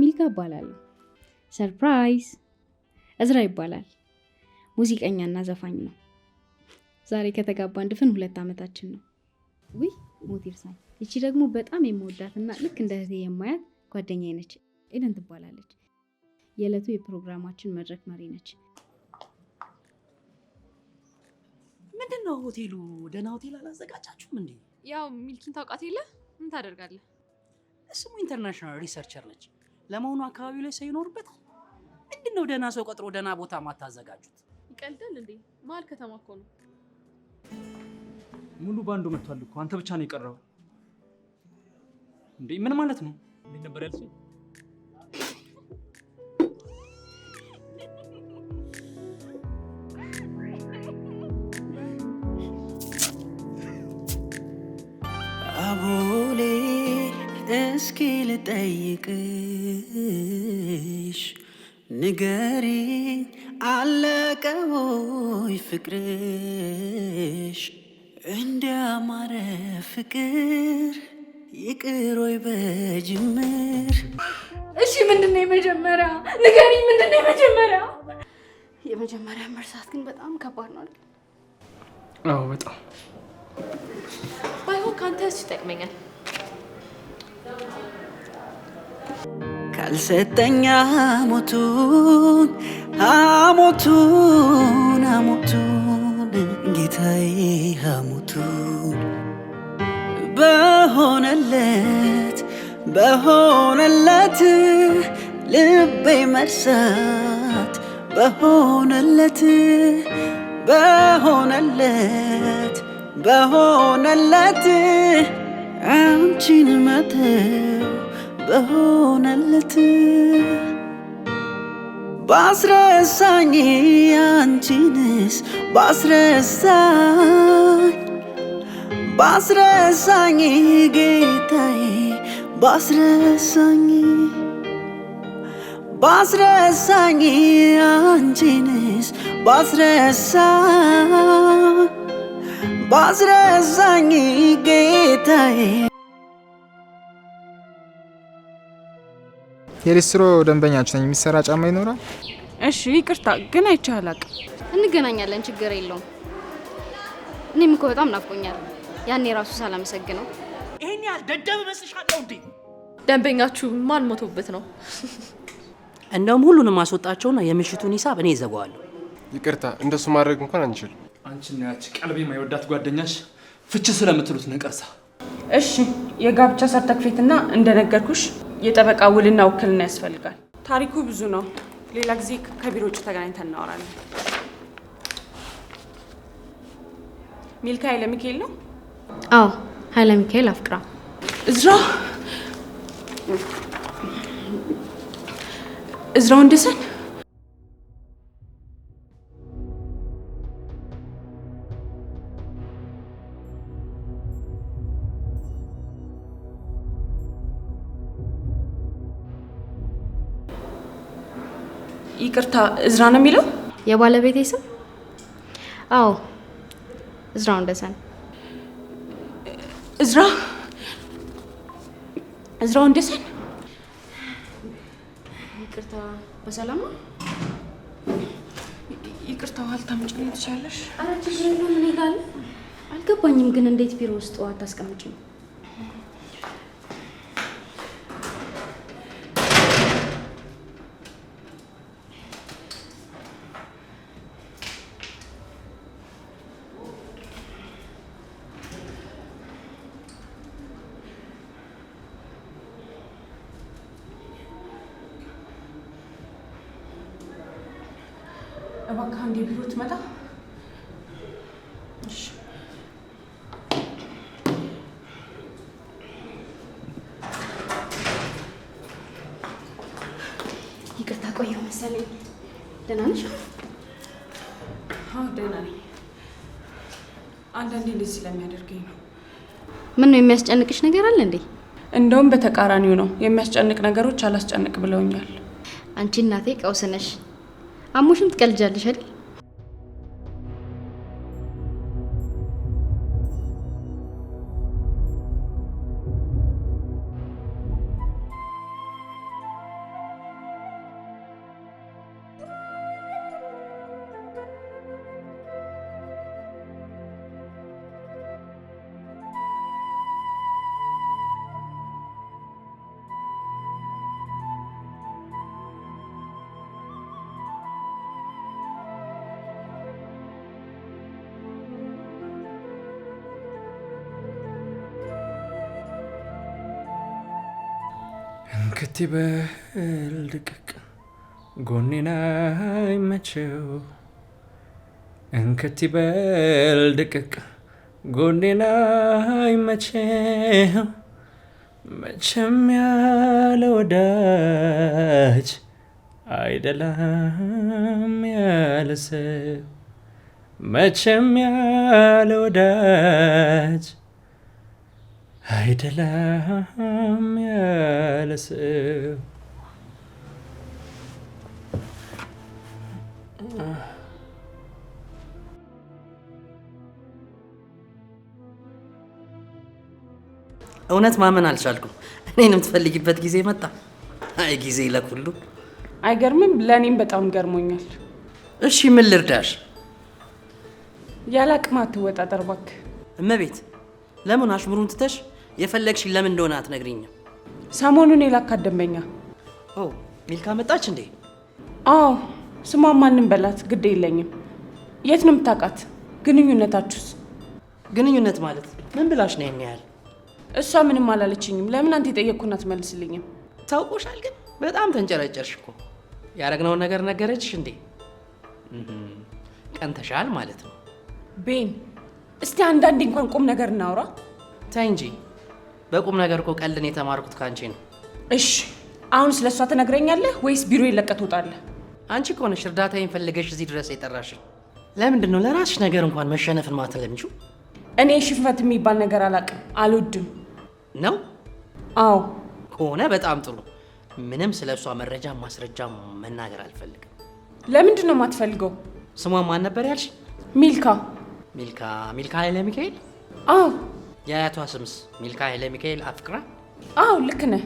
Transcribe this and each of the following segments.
ሚልካ እባላለሁ። ሰርፕራይዝ! እዝራ ይባላል። ሙዚቀኛና ዘፋኝ ነው። ዛሬ ከተጋባን ድፍን ሁለት ዓመታችን ነው። ውይ ሞት ይርሳኝ። ይቺ ደግሞ በጣም የምወዳትና ልክ እንደ እህቴ የማያት ጓደኛዬ ነች። ኤደን ትባላለች። የዕለቱ የፕሮግራማችን መድረክ መሪ ነች። ምንድን ነው ሆቴሉ? ደህና ሆቴል አላዘጋጃችሁም እንዴ? ያው ሚልኪን ታውቃት የለ ምን ታደርጋለህ? እሱም ኢንተርናሽናል ሪሰርቸር ነች። ለመሆኑ አካባቢው ላይ ሰው ይኖርበታል? ምንድን ነው ደህና ሰው ቀጥሮ ደህና ቦታ ማታዘጋጁት? ይቀልዳል እንዴ? መሀል ከተማ እኮ ነው። ሙሉ ባንዱ መጥቷል እኮ አንተ ብቻ ነው የቀረው እንዴ? ምን ማለት ነው? እንዴት ነበር ያልሽኝ? እስኪ ልጠይቅሽ ንገሪኝ አለቀ ወይ ፍቅርሽ እንደ አማረ ፍቅር ይቅር ወይ በጅምር። እሺ ምንድን ነው የመጀመሪያ ንገሪኝ፣ ምንድን ነው የመጀመሪያ የመጀመሪያ መርሳት ግን በጣም ከባድ ነው። አዎ በጣም ባይሆን ከአንተ እሱ ይጠቅመኛል። ካልሰጠኛ ሞቱን አሞቱን አሞቱን ጌታዬ አሞቱን በሆነለት በሆነለት ልቤ መርሳት በሆነለት በሆነለት በሆነለት አንቺን መተው በሆነለት ባስረሳኝ አንቺንስ ባስረሳኝ ባስረሳኝ ጌታዬ ባስረሳኝ ባስረሳኝ አንቺንስ ባስረሳኝ ባስረሳኝ ጌታዬ። የሊስትሮ ደንበኛችሁ ነኝ። የሚሰራ ጫማ ይኖራል? እሺ፣ ይቅርታ ግን አይቼ አላቅም። እንገናኛለን፣ ችግር የለውም። እኔም እኮ በጣም ናፍቆኛል። ያኔ ራሱ ሳላመሰግነው ይሄን ያህል ደደብ እመስልሻለሁ እንዴ? ደንበኛችሁ ማን ሞቶበት ነው? እንደውም ሁሉንም አስወጣቸውና የምሽቱን ሂሳብ እኔ ይዘጋዋለሁ። ይቅርታ እንደሱ ማድረግ እንኳን አንችልም። አንቺና ያቺ ቀልቤ የማይወዳት ጓደኛሽ ፍቺ ስለምትሉት ነቀርሳ። እሺ የጋብቻ ሰርተክፌትና እንደነገርኩሽ የጠበቃ ውልና ውክልና ያስፈልጋል። ታሪኩ ብዙ ነው። ሌላ ጊዜ ከቢሮ ውጭ ተገናኝተን እናወራለን። ሚልካ ኃይለ ሚካኤል ነው? አዎ ኃይለ ሚካኤል አፍቅራ እዝራ እዝራው እንደሰን ይቅርታ፣ እዝራ ነው የሚለው የባለቤቴ ስም? አዎ እዝራ እንደዛ ነው። እዝራ እዝራው እንደዛ ነው። ይቅርታ፣ በሰላም ይቅርታ። ውሀ ልታምጪ ነው ትችያለሽ? ኧረ ችግር የለውም እኔ ጋር አልገባኝም ግን እንዴት ቢሮ ውስጥ ውሀ አታስቀምጪ መሰለኝ። ደህና ነሽ? አዎ ደህና ነኝ። አንዳንዴ እንደዚህ ስለሚያደርገኝ ነው። ምን ነው የሚያስጨንቅሽ ነገር አለ እንዴ? እንደውም በተቃራኒው ነው የሚያስጨንቅ ነገሮች አላስጨንቅ ብለውኛል። አንቺ እናቴ ቀውስ ነሽ። አሞሽም ትቀልጃለሽ አይደል? ከቲ በል ድቅቅ ጎኔና ይመቸው እንከቲ በል ድቅቅ ጎኔና ይመቸው መቼም ያለ ወዳጅ አይደላም ያለ ሰው መቼም ያለ ወዳጅ አይደለም ያለሰው እውነት ማመን አልቻልኩም። እኔን የምትፈልጊበት ጊዜ መጣ። አይ ጊዜ ለኩሉ አይገርምም። ለእኔም በጣም ገርሞኛል። እሺ ምን ልርዳሽ? ያለ አቅም ጠርባክ እመቤት፣ ለምን አሽሙሩን ትተሽ የፈለግሽ ለምን እንደሆነ አትነግሪኝም? ሰሞኑን የላካት ደንበኛ ኦ ሚልካ መጣች እንዴ? አዎ ስሟን ማንም በላት ግድ የለኝም። የት ነው የምታውቃት? ግንኙነታችሁስ? ግንኙነት ማለት ምን ብላሽ ነው? የሚያል? እሷ ምንም አላለችኝም። ለምን አንተ የጠየቅኩን አትመልስልኝም? ታውቆሻል። ግን በጣም ተንጨረጨርሽ እኮ። ያደረግነውን ነገር ነገረችሽ እንዴ? ቀንተሻል ማለት ነው። ቤን፣ እስቲ አንዳንዴ እንኳን ቁም ነገር እናውራ። ተይ እንጂ በቁም ነገር እኮ ቀልድን የተማርኩት ካንቺ ነው። እሺ አሁን ስለ እሷ ትነግረኛለህ ወይስ ቢሮ ለቀህ ትወጣለህ? አንቺ ከሆነሽ እርዳታዬን ፈልገሽ እዚህ ድረስ የጠራሽኝ ለምንድን ነው? ለራስሽ ነገር እንኳን መሸነፍን ማትለምጂው? እኔ ሽንፈት የሚባል ነገር አላውቅም፣ አልወድም። ነው? አዎ። ከሆነ በጣም ጥሩ። ምንም ስለ እሷ መረጃ ማስረጃ መናገር አልፈልግም። ለምንድን ነው የማትፈልገው? ስሟን ማን ነበር ያልሽ? ሚልካ። ሚልካ ሚልካ ኃይለ ሚካኤል? አዎ የአያቷ ስምስ ሚልካ ኃይለ ሚካኤል አፍቅራ? አዎ ልክ ነህ።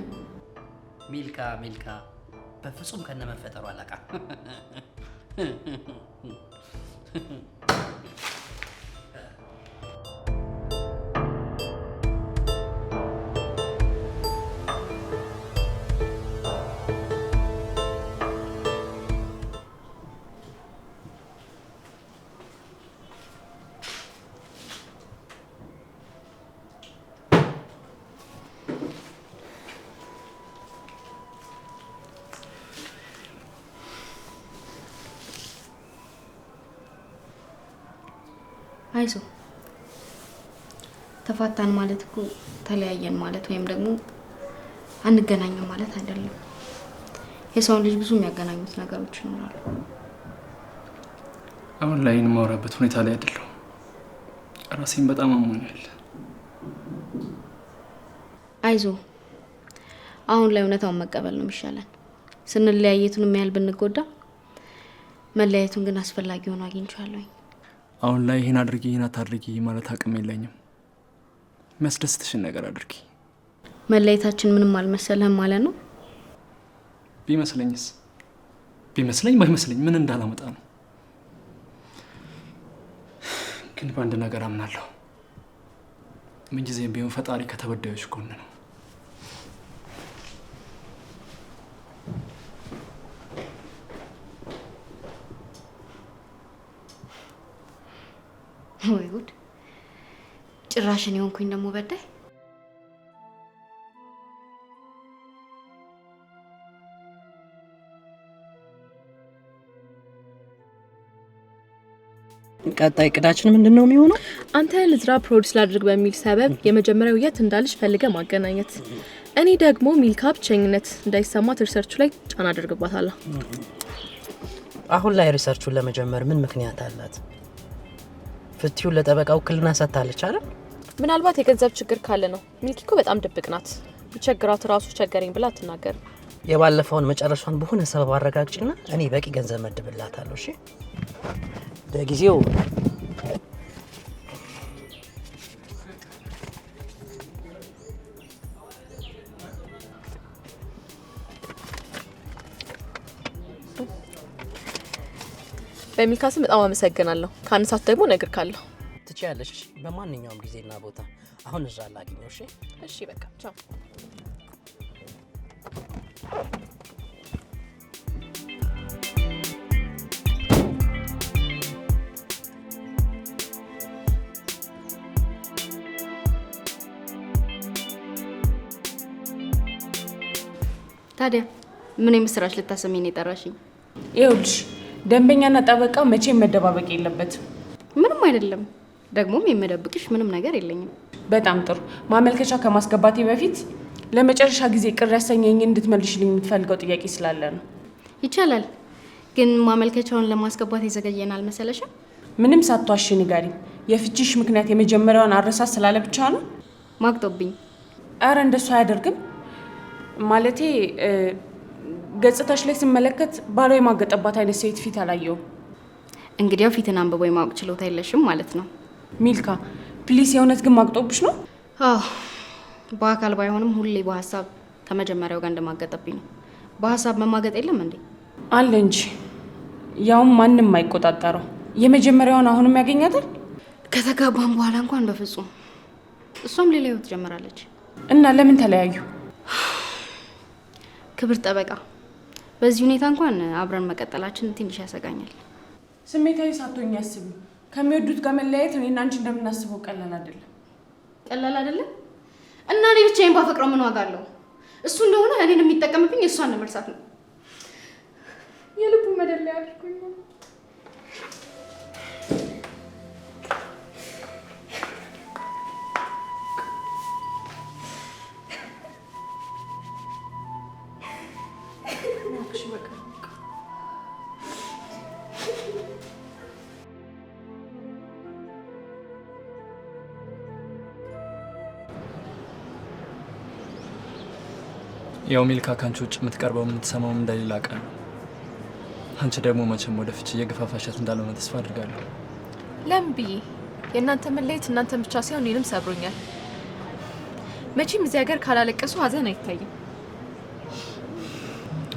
ሚልካ ሚልካ በፍጹም ከነመፈጠሩ አላቃ። አይዞ ተፋታን ማለት እኮ ተለያየን ማለት ወይም ደግሞ አንገናኝም ማለት አይደለም። የሰውን ልጅ ብዙ የሚያገናኙት ነገሮች ይኖራሉ። አሁን ላይ የማወራበት ሁኔታ ላይ አይደለሁም። ራሴን በጣም አሞኛል። አይዞ አሁን ላይ እውነታውን መቀበል ነው የሚሻለን። ስንለያየቱን ያህል ብንጎዳ መለያየቱን ግን አስፈላጊ ሆኖ አግኝቼዋለሁኝ። አሁን ላይ ይህን አድርጊ ይህን አታድርጊ ማለት አቅም የለኝም። የሚያስደስትሽን ነገር አድርጊ። መለየታችን ምንም አልመሰለህም ማለት ነው? ቢመስለኝስ? ቢመስለኝ ባይመስለኝ ምን እንዳላመጣ ነው። ግን በአንድ ነገር አምናለሁ፣ ምንጊዜም ቢሆን ፈጣሪ ከተበዳዮች ጎን ነው። ጭራሽን የሆንኩኝ ደግሞ በዳይ ቀጣይ እቅዳችን ምንድን ነው የሚሆነው? አንተ ልዝራ ፕሮዲስ ላድርግ በሚል ሰበብ የመጀመሪያው የት እንዳለች ፈልገ ማገናኘት፣ እኔ ደግሞ ሚልካ ብቸኝነት እንዳይሰማት ሪሰርቹ ላይ ጫና አድርግባታለሁ። አሁን ላይ ሪሰርቹን ለመጀመር ምን ምክንያት አላት? ፍትሁን ለጠበቃ ውክልና ሰጥታለች አይደል? ምናልባት የገንዘብ ችግር ካለ ነው። ሚልኪ እኮ በጣም ድብቅ ናት። ቢቸግራት ራሱ ቸገረኝ ብላ ትናገር የባለፈውን መጨረሻን በሆነ ሰበብ አረጋግጭና እኔ በቂ ገንዘብ መድብላታለሁ። እሺ ለጊዜው በሚልካስም በጣም አመሰግናለሁ። ከአንሳት ደግሞ ነግር ካለሁ ትችያለሽ በማንኛውም ጊዜና ቦታ። አሁን እዛ ላግኘው። እሺ፣ እሺ፣ በቃ ቻው። ታዲያ ምን የምስራች ልታሰሚኝ ነው የጠራሽኝ? ይኸውልሽ ደንበኛና ጠበቃ መቼም መደባበቅ የለበትም። ምንም አይደለም። ደግሞም የምደብቅሽ ምንም ነገር የለኝም። በጣም ጥሩ። ማመልከቻ ከማስገባቴ በፊት ለመጨረሻ ጊዜ ቅር ያሰኘኝ እንድትመልሽልኝ የምትፈልገው ጥያቄ ስላለ ነው። ይቻላል፣ ግን ማመልከቻውን ለማስገባት የዘገየን አልመሰለሽም? ምንም ሳትዋሽ ንገሪኝ። የፍቺሽ ምክንያት የመጀመሪያውን አረሳት ስላለ ብቻ ነው? ማግጦብኝ። አረ እንደሱ አያደርግም። ማለቴ ገጽታሽ ላይ ስመለከት ባሏ የማገጠባት አይነት ሴት ፊት አላየውም። እንግዲያው ፊትን አንብቦ የማወቅ ችሎታ የለሽም ማለት ነው። ሚልካ ፕሊስ፣ የእውነት ግን ማግጦብሽ ነው? በአካል ባይሆንም ሁሌ በሀሳብ ከመጀመሪያው ጋር እንደማገጠብኝ ነው። በሀሳብ መማገጥ የለም እንዴ? አለ እንጂ ያውም ማንም አይቆጣጠረው። የመጀመሪያውን አሁንም ያገኛታል። ከተጋባም በኋላ እንኳን በፍጹም። እሷም ሌላ ህይወት ጀምራለች። እና ለምን ተለያዩ? ክብር ጠበቃ፣ በዚህ ሁኔታ እንኳን አብረን መቀጠላችን ትንሽ ያሰጋኛል። ስሜታዊ ሳቶኝ ያስቡ ከሚወዱት ጋር መለያየት እኔ አንቺ እንደምናስበው ቀላል አይደለም። ቀላል አይደለም እና እኔ ብቻዬን ባፈቅረው ምን ዋጋ አለው? እሱ እንደሆነ እኔን የሚጠቀምብኝ እሷን ለመርሳት ነው። የልቡ መደለያ አድርጎኝ ያው ሚልካ ካንቺ ውጭ የምትቀርበው የምትሰማውም እንደሌላ ቀን ነው። አንቺ ደግሞ መቼም ወደ ፍች እየገፋፋሻት እንዳልሆነ ተስፋ አድርጋለሁ። ለምቢ ብዬ የእናንተ መለየት እናንተን ብቻ ሳይሆን እኔንም ሰብሮኛል። መቼም እዚህ ሀገር ካላለቀሱ ሀዘን አይታይም።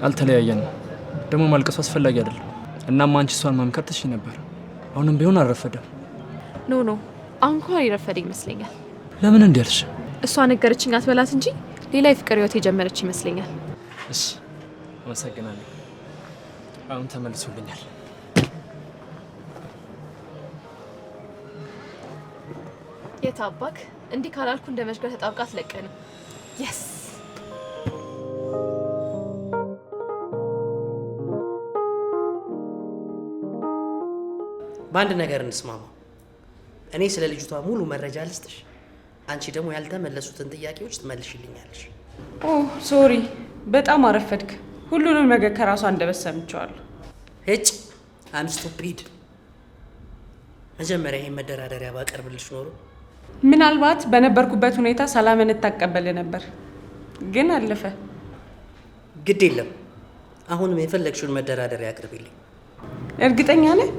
አልተለያየንም። ደግሞ ማልቀሱ አስፈላጊ አይደለም። እናም አንቺ እሷን መምከር ትሽ ነበር። አሁንም ቢሆን አልረፈደም። ኖ ኖ፣ አሁን እንኳን የረፈደ ይመስለኛል። ለምን እንዲያልሽ እሷ ነገረችኝ አትበላት እንጂ ሌላ የፍቅር ህይወት የጀመረች ይመስለኛል። እሺ፣ አመሰግናለሁ። አሁን ተመልሶልኛል። የት አባክ እንዲህ ካላልኩ እንደ መሽገር ተጣብቃት አትለቀንም። የስ በአንድ ነገር እንስማማ። እኔ ስለ ልጅቷ ሙሉ መረጃ ልስጥሽ። አንቺ ደግሞ ያልተመለሱትን ጥያቄዎች ትመልሽልኛለሽ። ኦ ሶሪ፣ በጣም አረፈድክ። ሁሉንም ነገር ከራሱ አንደበት ሰምቼዋለሁ። አም ስቱፒድ። መጀመሪያ ይህን መደራደሪያ ባቀርብልሽ ኖሮ ምናልባት በነበርኩበት ሁኔታ ሰላምን እታቀበል ነበር፣ ግን አለፈ። ግድ የለም አሁንም የፈለግሽውን መደራደሪያ አቅርቢልኝ። እርግጠኛ ነህ?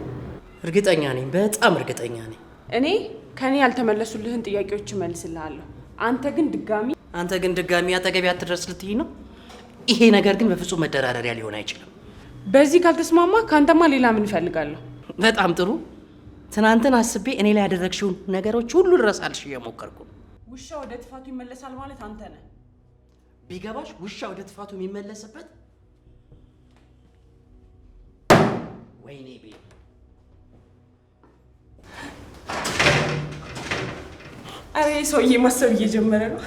እርግጠኛ ነኝ፣ በጣም እርግጠኛ ነኝ እኔ ከኔ ያልተመለሱልህን ጥያቄዎች እመልስልሃለሁ። አንተ ግን ድጋሚ አንተ ግን ድጋሚ አጠገቢ አትድረስ ልትይ ነው። ይሄ ነገር ግን በፍጹም መደራደሪያ ሊሆን አይችልም። በዚህ ካልተስማማ ከአንተማ ሌላ ምን እፈልጋለሁ? በጣም ጥሩ። ትናንትን አስቤ እኔ ላይ ያደረግሽውን ነገሮች ሁሉ ልረሳልሽ እየሞከርኩ ውሻ ወደ ትፋቱ ይመለሳል ማለት አንተ ነህ። ቢገባሽ ውሻ ወደ ትፋቱ የሚመለስበት ወይኔ ቤ አሬ ሰውዬ ማሰብ እየጀመረ ነው።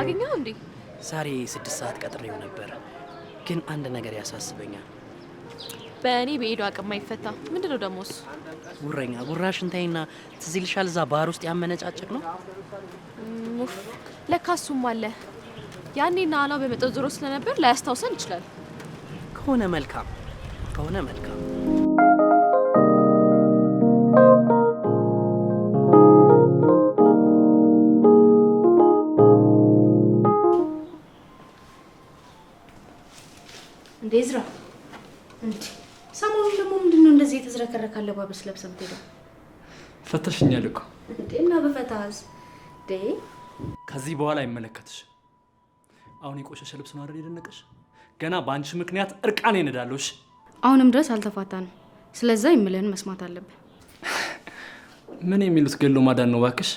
አገኘው እንዴ? ዛሬ ስድስት ሰዓት ቀጥሬው ነበር፣ ግን አንድ ነገር ያሳስበኛል። በእኔ በኤዶ አቅም ማይፈታ ምንድን ነው ደግሞ እሱ? ጉረኛ ጉራሽ እንታይና ትዝ ይልሻል፣ እዛ ባህር ውስጥ ያመነጫጭቅ ነው። ለካ እሱም አለ። ያኔ ናናው በመጠው ዞሮ ስለነበር ላያስታውሰን ይችላል። ከሆነ መልካም ከሆነ መልካም አለባበስ ለብሰ የምትሄደው? ፈተሽኛል እኮ እና በፈታዝ ዴ ከዚህ በኋላ አይመለከትሽ። አሁን የቆሸሸ ልብስ ነው አይደል የደነቀሽ? ገና በአንቺ ምክንያት እርቃን እንዳለሽ። አሁንም ድረስ አልተፋታንም። ስለዛ የምልህን መስማት አለብን። ምን የሚሉት ገሎ ማዳን ነው ባክሽ።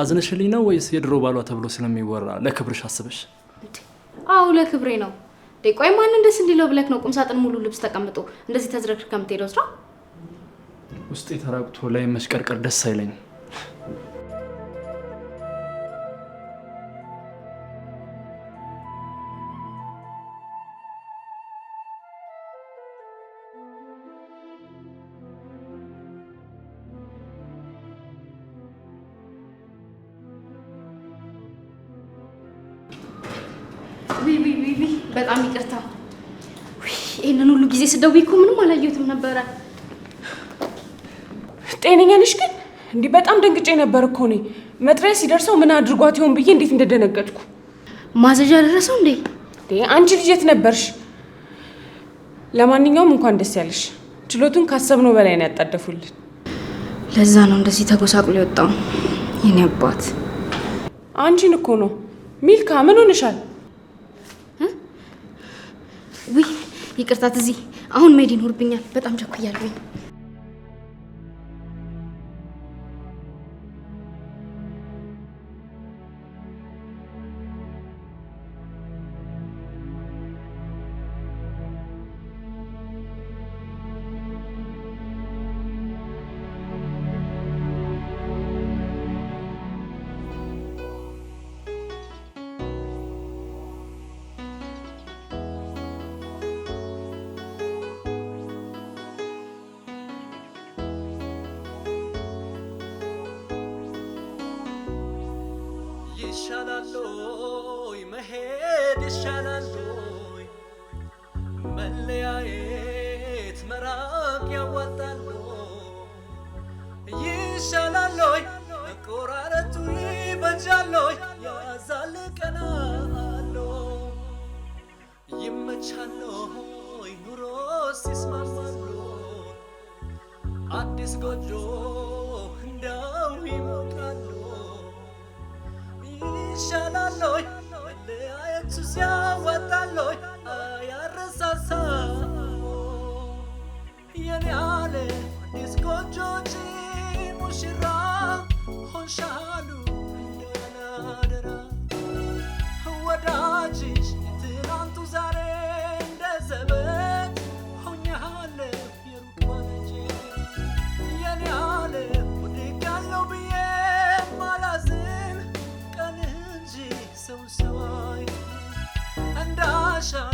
አዝነሽልኝ ነው ወይስ የድሮ ባሏ ተብሎ ስለሚወራ ለክብርሽ አስበሽ? አዎ ለክብሬ ነው። ቆይ ማንን ደስ እንዲለው ብለክ ነው ቁምሳጥን ሙሉ ልብስ ተቀምጦ እንደዚህ ተዝረክር ከምትሄደው ስራ ውስጤ ተራቅቶ ላይ መሽቀርቀር ደስ አይለኝም። በጣም ይቅርታ። ይህንን ሁሉ ጊዜ ስደውይ እኮ ምንም አላየሁትም ነበረ። ጤነኛ ነሽ ግን? እንዲህ በጣም ደንግጬ ነበር እኮ እኔ። መጥሪያ ሲደርሰው ምን አድርጓት ይሆን ብዬ እንዴት እንደደነገጥኩ። ማዘዣ ደረሰው እንዴ? አንቺ ልጅ የት ነበርሽ? ለማንኛውም እንኳን ደስ ያለሽ። ችሎቱን ካሰብነው በላይ ነው ያጣደፉልን። ለዛ ነው እንደዚህ ተጎሳቁሎ የወጣው። የኔ አባት አንቺን እኮ ነው። ሚልካ ምን ሆንሻል? ውይ ይቅርታት፣ እዚህ አሁን መሄድ ይኖርብኛል። በጣም ቸኩያለሁኝ። ይሻላሎይ መሄድ ይሻላሎይ መለያየት መራቅ ያዋጣሎ ይሻላሎይ መቆራረቱ ይበጃሎይ ያዛል ቀናሎ ኑሮ ሲስማማሎ አዲስ ጎጆ እንዳው ይሞቃል ይሻላሎይ ለያየቱ ሲያወጣሎይ አያረሳሳ የኔ አለ አዲስ ጎጆጂ ሙሽራ ሆንሻ passion.